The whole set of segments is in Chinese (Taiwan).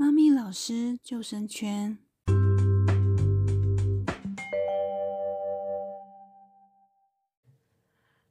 媽咪老師救生圈。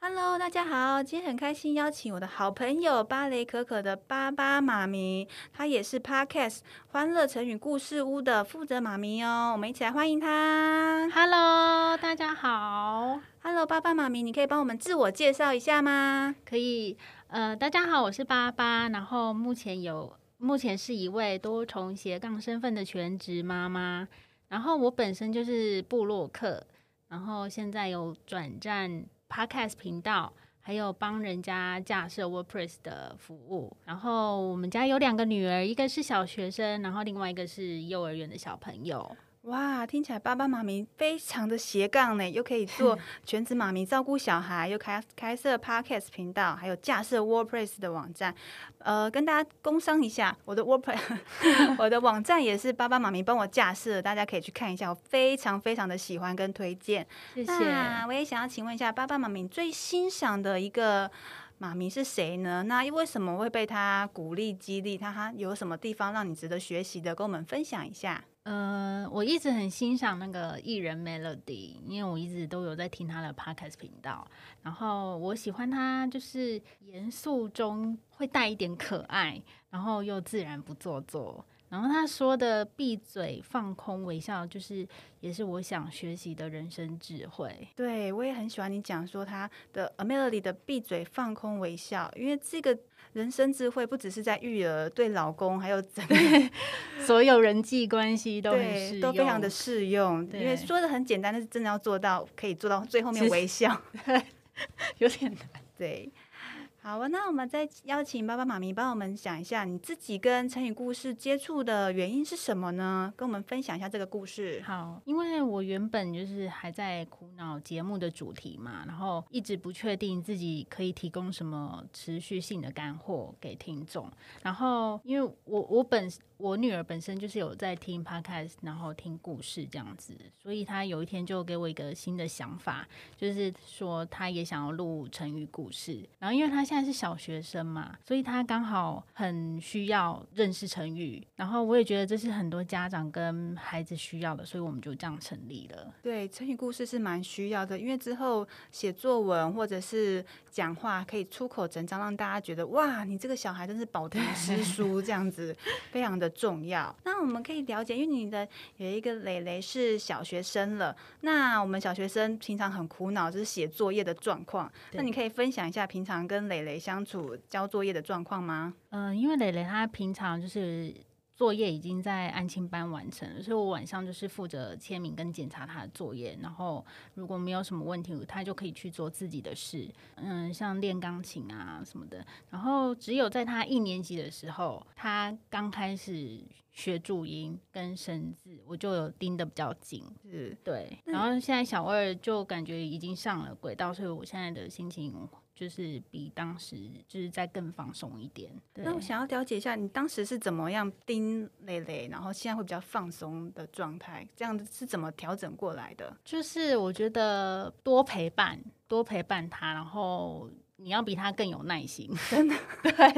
Hello，大家好，今天很開心邀請我的好朋友芭蕾可可的芭芭媽咪，她也是 Podcast 歡樂成語故事屋的負責媽咪哦。我們一起來歡迎她。Hello，大家好。Hello，芭芭媽咪，你可以幫我們自我介紹一下嗎？可以。呃，大家好，我是芭芭，然後目前有。目前是一位多重斜槓身份的全職媽媽，然後我本身就是部落客，然後現在有轉戰 Podcast 頻道，還有幫人家架設 WordPress 的服務，然後我們家有兩個女兒，一個是小學生，然後另外一個是幼兒園的小朋友。哇，聽起來芭芭媽咪非常的斜槓呢，又可以做全職媽咪照顧小孩，又開開設 podcast 頻道，還有架設 WordPress 的網站。呃，跟大家工商一下，我的 WordPress 我的網站也是芭芭媽咪幫我架設，大家可以去看一下，我非常非常的喜歡跟推薦。謝謝。啊，我也想要請問一下，芭芭媽咪最欣賞的一個媽咪是誰呢？那又為什麼會被他鼓勵激勵？他有什麼地方讓你值得學習的？跟我們分享一下。嗯、呃，我一直很欣賞那個藝人 Melody，因為我一直都有在聽他的 Podcast 頻道。然後我喜歡他，就是嚴肅中會帶一點可愛，然後又自然不做作。然後他說的“閉嘴、放空、微笑”，就是也是我想學習的人生智慧。對，我也很喜歡你講說他的、A、Melody 的“閉嘴、放空、微笑”，因為這個。人生智慧不只是在育兒，對老公，還有整個所有人際關係都都非常的適用。對因為說的很簡單，但是真的要做到，可以做到最後面微笑，是 有點難。對。好，那我們再邀請芭芭媽咪幫我們講一下，你自己跟成語故事接觸的原因是什麼呢？跟我們分享一下這個故事。好，因為我原本就是還在苦惱節目的主題嘛，然後一直不確定自己可以提供什麼持續性的乾貨給聽眾，然後因為我我本。我女兒本身就是有在聽 Podcast，然後聽故事這樣子，所以她有一天就給我一個新的想法，就是說她也想要錄成語故事。然後，因為她現在是小學生嘛，所以她剛好很需要認識成語。然後，我也覺得這是很多家長跟孩子需要的，所以我們就這樣成立了。對，成語故事是蠻需要的，因為之後寫作文或者是講話可以出口成章，讓大家覺得哇，你這個小孩真是飽讀詩書這樣子， 非常的，重要。那我們可以了解，因為你的有一個磊磊是小學生了。那我們小學生平常很苦惱，就是寫作業的狀況。對那你可以分享一下平常跟磊磊相處交作業的狀況嗎？嗯、呃，因為磊磊他平常就是。作業已經在安親班完成，所以我晚上就是負責簽名跟檢查他的作業，然後如果沒有什麼問題，他就可以去做自己的事，嗯，像練鋼琴啊什麼的。然後只有在他一年級的時候，他剛開始學注音跟生字，我就有盯得比較緊，是對嗯，對。然後現在小二就感覺已經上了軌道，所以我現在的心情。就是比當時就是再更放鬆一點。對。那我想要了解一下，你當時是怎麼樣盯蕾蕾，然後現在會比較放鬆的狀態，這樣子是怎麼調整過來的？就是我覺得多陪伴，多陪伴他，然後你要比他更有耐心， 真的，對 對，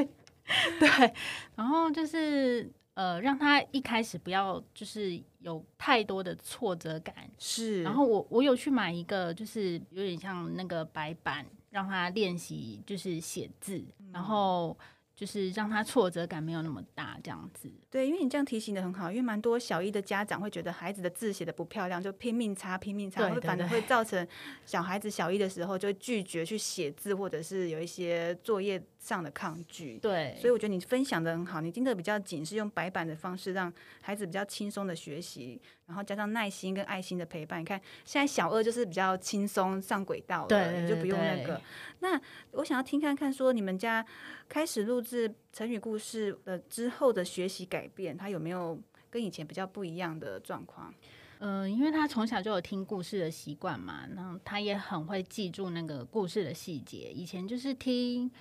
對。然後就是呃，讓他一開始不要就是有太多的挫折感。是。然後我我有去買一個，就是有點像那個白板，讓他練習就是寫字，嗯、然後就是讓他挫折感沒有那麼大，這樣子。對，因為你這樣提醒得很好，因為蠻多小一的家長會覺得孩子的字寫得不漂亮，就拼命擦拼命擦，對會，會反而會造成小孩子小一的時候就拒絕去寫字， 或者是有一些作業上的抗拒，對，所以我覺得你分享的很好。你盯得比較緊是用白板的方式，讓孩子比較輕鬆的學習，然後加上耐心跟愛心的陪伴。你看，現在小二就是比較輕鬆上軌道了，對對對對，你就不用那個。那我想要聽看看，說你們家開始錄制成語故事的之後的學習改變，他有沒有跟以前比較不一樣的狀況？嗯、呃，因為他從小就有聽故事的習慣嘛，然後他也很會記住那個故事的細節。以前就是聽。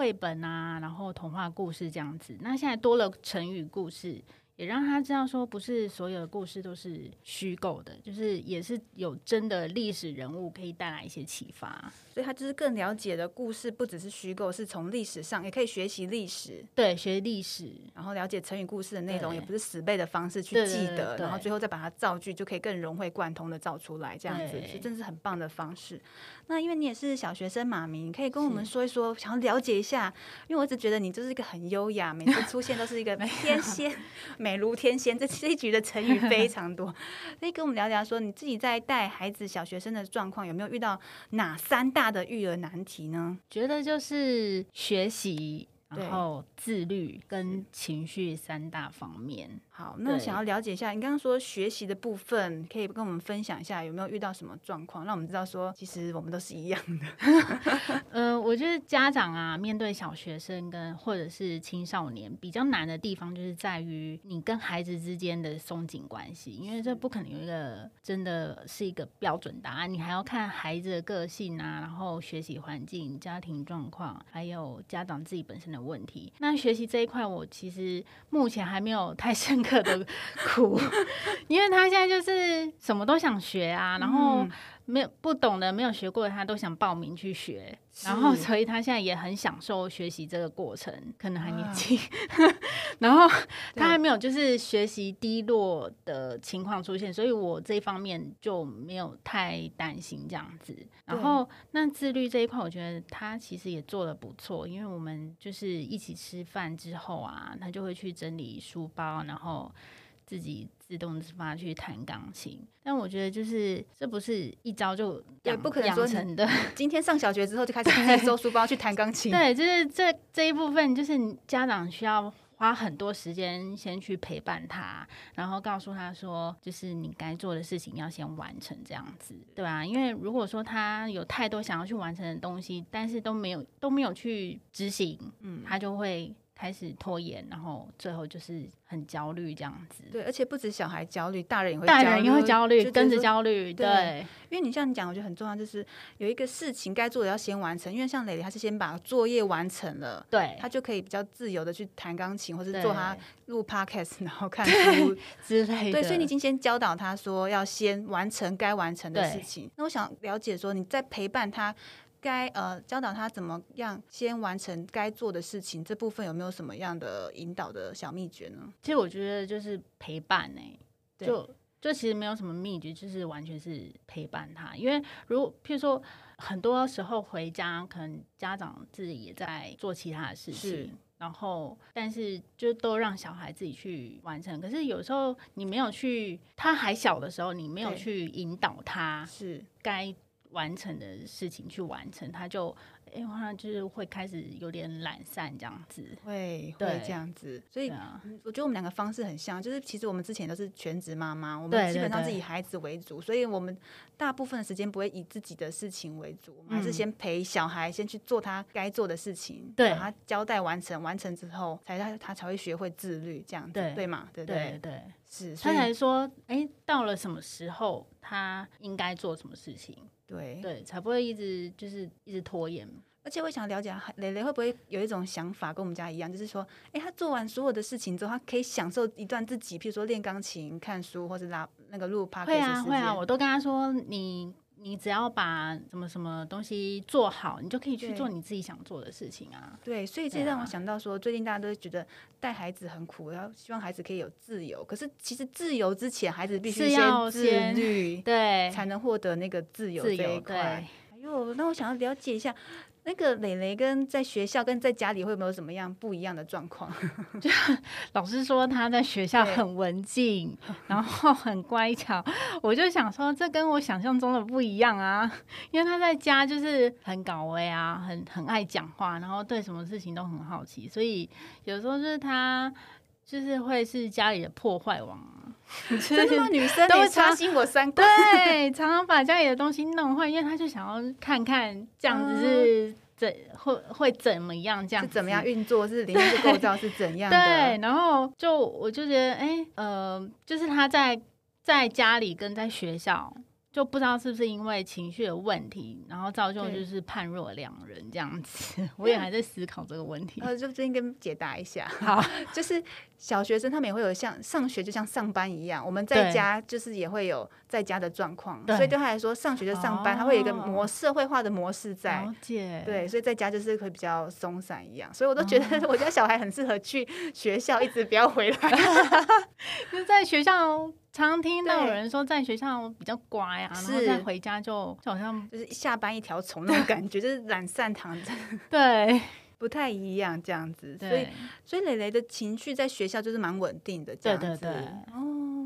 繪本啊，然後童話故事這樣子，那現在多了成語故事。也讓他知道說，不是所有的故事都是虛構的，就是也是有真的歷史人物可以帶來一些啟發，所以他就是更了解的故事不只是虛構，是從歷史上也可以學習歷史，對，學歷史，然後了解成語故事的內容，對也不是死背的方式去記得，對對對對，然後最後再把它造句，就可以更融會貫通的造出來，這樣子是對真的是很棒的方式。那因為你也是小學生媽咪，可以跟我們說一說，想要了解一下，是因為我一直覺得你就是一個很優雅，每次出現都是一個天仙 沒 美如天仙，這這一局的成語非常多。所以跟我們聊聊說，說你自己在帶孩子小學生的狀況，有沒有遇到哪三大的育兒難題呢？覺得就是學習。對然後自律跟情緒三大方面。是好，那想要了解一下，你剛剛說學習的部分，可以跟我們分享一下有沒有遇到什麼狀況，讓我們知道說其實我們都是一樣的。嗯、 呃，我覺得家長啊，面對小學生跟或者是青少年，比較難的地方就是在於你跟孩子之間的鬆緊關係，因為這不可能有一個真的是一個標準答案，啊，你還要看孩子的個性啊，然後學習環境、家庭狀況，還有家長自己本身的。問題。那學習這一塊，我其實目前還沒有太深刻的苦，因為他現在就是什麼都想學啊，然後。嗯沒有不懂的，沒有學過的，他都想報名去學，是然後所以他現在也很享受學習這個過程，可能還年輕，啊、 然後他還沒有就是學習低落的情況出現，對所以我這一方面就沒有太擔心這樣子。然後那自律這一塊，我覺得他其實也做得不錯，因為我們就是一起吃飯之後啊，他就會去整理書包，然後。自己自動自發去彈鋼琴，但我覺得就是這不是一朝就也不可能養成的。今天上小學之後就開始背書包去彈鋼琴， 對，就是這這一部分就是家長需要花很多時間先去陪伴他，然後告訴他說，就是你該做的事情要先完成，這樣子，對吧、啊？因為如果說他有太多想要去完成的東西，但是都沒有都沒有去執行，嗯，他就會。開始拖延，然後最後就是很焦慮這樣子。對，而且不止小孩焦慮，大人也會。大人也會焦慮，焦就就跟着焦慮。對,對，因為你像你講，我覺得很重要，就是有一個事情該做的要先完成。因為像蕾蕾，她是先把作業完成了，對，她就可以比較自由地去彈鋼琴，或是做她錄 podcast，對然後看書對之類的。對，所以你已經先教導她說要先完成該完成的事情。對那我想了解說你在陪伴她。該呃教導他怎麼樣先完成該做的事情，這部分有沒有什麼樣的引導的小秘訣呢？其實我覺得就是陪伴呢、欸，對就就其實沒有什麼秘訣，就是完全是陪伴他。因為如果譬如說很多時候回家，可能家長自己也在做其他的事情，是然後但是就都讓小孩自己去完成。可是有時候你沒有去，他還小的時候，你沒有去引導他，對是該。完成的事情去完成，他就哎，好、欸、好像就是會開始有點懶散這樣子，會對會這樣子。所以、啊、我覺得我們兩個方式很像，就是其實我們之前都是全職媽媽，我們基本上是以孩子為主，對對對，所以我們大部分的時間不會以自己的事情為主。嗯、還是先陪小孩，先去做他該做的事情，把對他交代完成，完成之後才他他才會學會自律這樣子，對，對嗎？對對對，對對對是他才說，哎、欸，到了什麼時候他應該做什麼事情。對對，才不會一直就是一直拖延。而且我想了解磊磊會不會有一種想法跟我們家一樣，就是說，哎，他做完所有的事情之後，他可以享受一段自己，比如說練鋼琴、看書，或者拉那個錄拍。會啊會啊，我都跟他說你。你只要把什麼什麼東西做好，你就可以去做你自己想做的事情啊。對，對，所以這讓我想到說，啊、最近大家都覺得帶孩子很苦，要希望孩子可以有自由。可是其實自由之前，孩子必須先自律，對，才能獲得那個自由這一塊。自由，對。哎呦，那我想要了解一下。那個蕾蕾跟在學校跟在家裡會有沒有什麼樣不一樣的狀況？就老師說他在學校很文靜，對然後很乖巧，我就想說這跟我想象中的不一樣啊。因為他在家就是很搞威啊，很很愛講話，然後對什麼事情都很好奇，所以有時候就是他就是會是家裡的破壞王。 真的嗎，對女生心都會刷新我三觀。對，常常把家裡的東西弄壞，因為他就想要看看這樣子是怎、嗯、會會怎麼樣，這樣怎麼樣運作是裡面的構造是怎樣的。對，對，然後就我就覺得，哎、欸，呃，就是他在在家裡跟在學校。就不知道是不是因為情緒的問題，然後造就就是判若兩人這樣子，對我也還在思考這個問題。呃，就這邊跟解答一下，好， 就是小學生他們也會有像上學就像上班一樣，我們在家就是也會有。在家的狀況，所以對他來說，上學就上班，他會有一個模社會化的模式在。了解。對，所以在家就是會比較鬆散一樣，所以我都覺得我家小孩很適合去學校，一直不要回來。就在學校，常聽到有人說，在學校比較乖啊，然後再回家就好像就是下班一條蟲那種感覺，就是懶散躺着。對，不太一樣這樣子。所以所以磊磊的情緒在學校就是蠻穩定的這樣子。對對對。哦。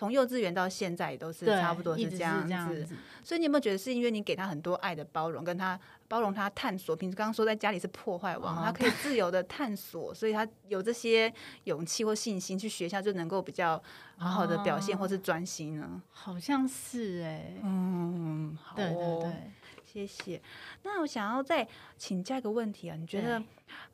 從幼稚園到現在也都是差不多是這樣子，樣子，所以你有沒有覺得是因為你給他很多愛的包容，跟他包容他探索？平時剛剛說在家裡是破壞王，哦、他可以自由的探索，所以他有這些勇氣或信心去學校就能夠比較好好的表現或是專心呢、哦？好像是哎、欸，嗯，好哦、對對對，謝謝。那我想要再請教一個問題啊，你覺得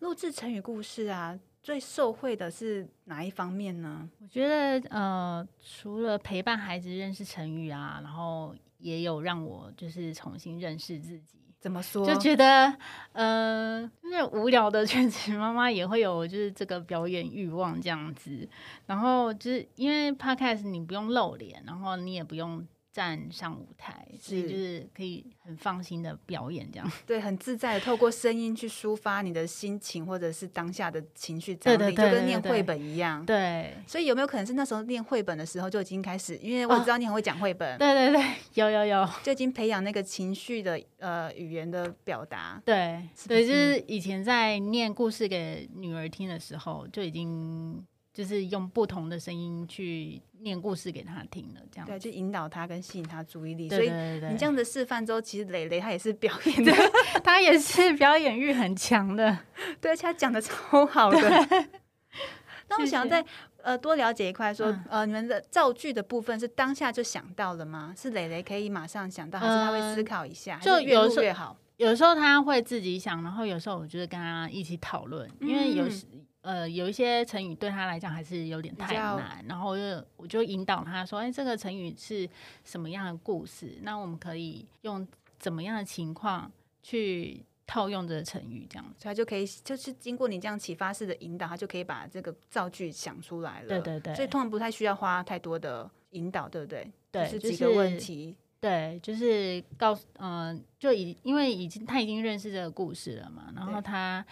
錄製成語故事啊？最受惠的是哪一方面呢？我覺得，呃，除了陪伴孩子認識成語啊，然後也有讓我就是重新認識自己。怎麼說？就覺得，呃，那、就是、無聊的全職媽媽也會有就是這個表演慾望這樣子。然後就是因為 Podcast 你不用露臉，然後你也不用站上舞台，所以就是可以很放心的表演，這樣子對，很自在的透過聲音去抒發你的心情 或者是當下的情緒，這樣就跟念繪本一樣。對，對，對，對，所以有沒有可能是那時候念繪本的時候就已經開始？對因為我知道你很會講繪本，哦。對對對，有有有，就已經培養那個情緒的呃語言的表達。對，所以就是以前在念故事給女兒聽的時候就已經。就是用不同的聲音去念故事給他聽的，這樣子對，就引導他跟吸引他注意力。對對對對，所以你這樣的示範之後，其實蕾蕾他也是表演，的， 他也是表演欲很強的，對，而且他講的超好的。對 那我想要再謝謝呃多了解一塊，說、嗯、呃你們的造句的部分是當下就想到了嗎？是蕾蕾可以馬上想到，呃、還是他會思考一下？就越越好有的時候，有時候他會自己想，然後有時候我就是跟他一起討論，嗯、因為有時。呃，有一些成語對他來講還是有點太難，比較 然後我就我就引導他說：“哎、欸，這個成語是什麼樣的故事？那我們可以用怎麼樣的情況去套用這個成語，這樣子。所以他就可以就是經過你這樣啟發式的引導，他就可以把這個造句想出來了。對對對，所以通常不太需要花太多的引導，對不對？對，就是、是幾個問題，對，就是告訴嗯、呃，就已因為已經他已經認識這個故事了嘛，然後他。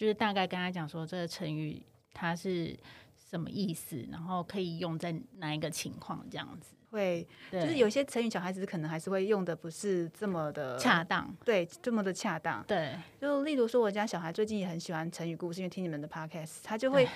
就是大概跟他講說這個成語它是什麼意思，然後可以用在哪一個情況這樣子。會，對就是有些成語小孩子可能還是會用的不是這麼的恰當，對，這麼的恰當。對，就例如說我家小孩最近也很喜歡成語故事，因為聽你們的 podcast，他就會。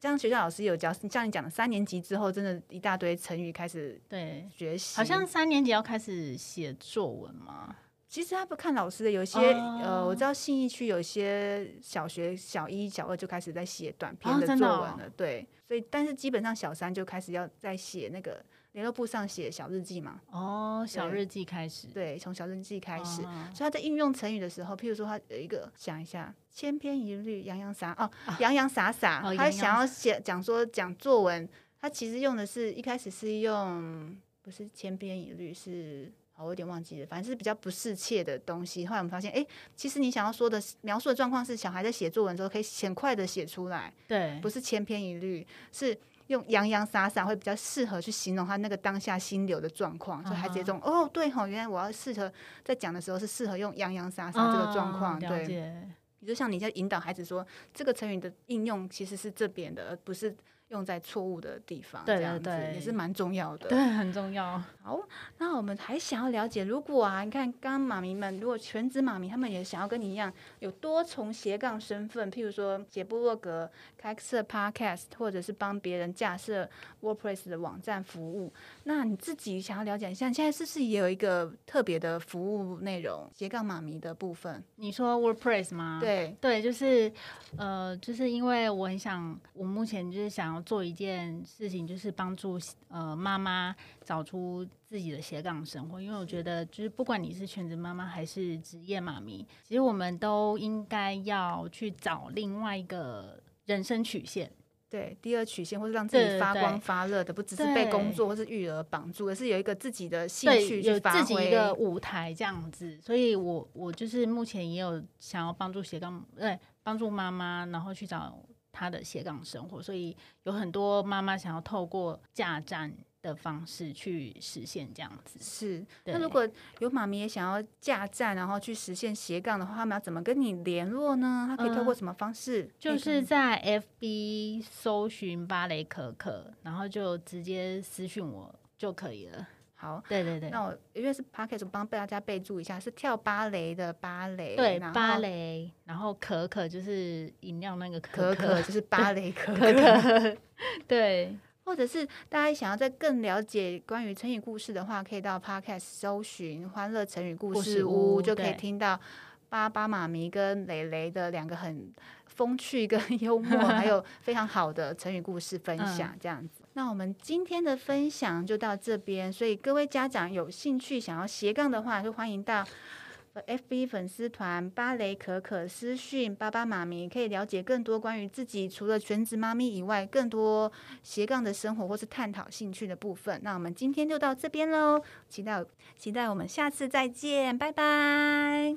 像對學校老師有教，像你講的三年級之後，真的一大堆成語開始對、嗯、學習。好像三年級要開始寫作文嗎？其實他不看老師的，有些、oh, 呃，我知道信義區有些小學小一、小二就開始在寫短篇的作文了。Oh, 真的哦、對，所以但是基本上小三就開始要在寫那個聯絡簿上寫小日記嘛。哦、oh, 對，小日記開始。對，從小日記開始，oh. 所以他在運用成語的時候，譬如說他有一個，想一下，千篇一律，洋洋灑哦，oh, 洋洋灑灑，oh, 他想要寫講說講作文，他其實用的是一開始是用不是千篇一律是。哦，我有點忘記了，反正是比較不適切的東西。後來我們發現，哎、欸，其實你想要說的描述的狀況是，小孩在寫作文的時候可以很快的寫出來，對，不是千篇一律，是用洋洋灑灑會比較適合去形容他那個當下心流的狀況。就、uh huh. 孩子這種，哦，對吼，原來我要適合在講的時候是適合用洋洋灑灑這個狀況，uh、huh, 對。比如解像你在引導孩子說，這個成語的應用其實是這邊的，而不是。用在錯誤的地方，對對對這樣子也是蠻重要的，對，對，很重要。好，那我們還想要了解，如果啊，你看，剛剛媽咪們，如果全職媽咪，他們也想要跟你一樣，有多重斜槓身份，譬如說寫部落格、開設 podcast，或者是幫別人架設 WordPress 的網站服務，那你自己想要了解一下，現在是不是也有一個特別的服務內容？斜槓媽咪的部分，你說 WordPress 嗎？對，對，就是，呃，就是因為我很想，我目前就是想要。做一件事情，就是幫助呃媽媽找出自己的斜槓生活，因為我覺得，就是不管你是全職媽媽還是職業媽咪，其實我們都應該要去找另外一個人生曲線，對，第二曲線，或是讓自己發光發熱的，對對對，不只是被工作或是育兒綁住，對而是有一個自己的興趣去發揮，自己一個舞台這樣子。所以我我就是目前也有想要幫助斜槓，對，幫助媽媽，然後去找。他的斜槓生活，所以有很多媽媽想要透過架站的方式去實現這樣子。是，對那如果有媽咪也想要架站，然後去實現斜槓的話，他們要怎麼跟你聯絡呢？他可以透過什麼方式？嗯，就是在 FB 搜尋芭蕾可可，然後就直接私訊我就可以了。好，對對對，那我因為是 Podcast，我幫大家備注一下，是跳芭蕾的芭蕾，對，後芭蕾，然後可可就是飲料那個可可，可可就是芭蕾對可可，可可，對。或者是大家想要再更了解關於成語故事的話，可以到 Podcast 搜尋“歡樂成語故事屋”，事屋就可以聽到芭芭媽咪跟蕾蕾的兩個很風趣跟幽默， 還有非常好的成語故事分享，嗯、這樣子。那我們今天的分享就到這邊，所以各位家長有興趣想要斜槓的話，就歡迎到 FB 粉絲團芭蕾可可私訊芭芭媽咪，可以了解更多關於自己除了全職媽咪以外，更多斜槓的生活或是探討興趣的部分。那我們今天就到這邊嘍，期待期待我們下次再見，拜拜。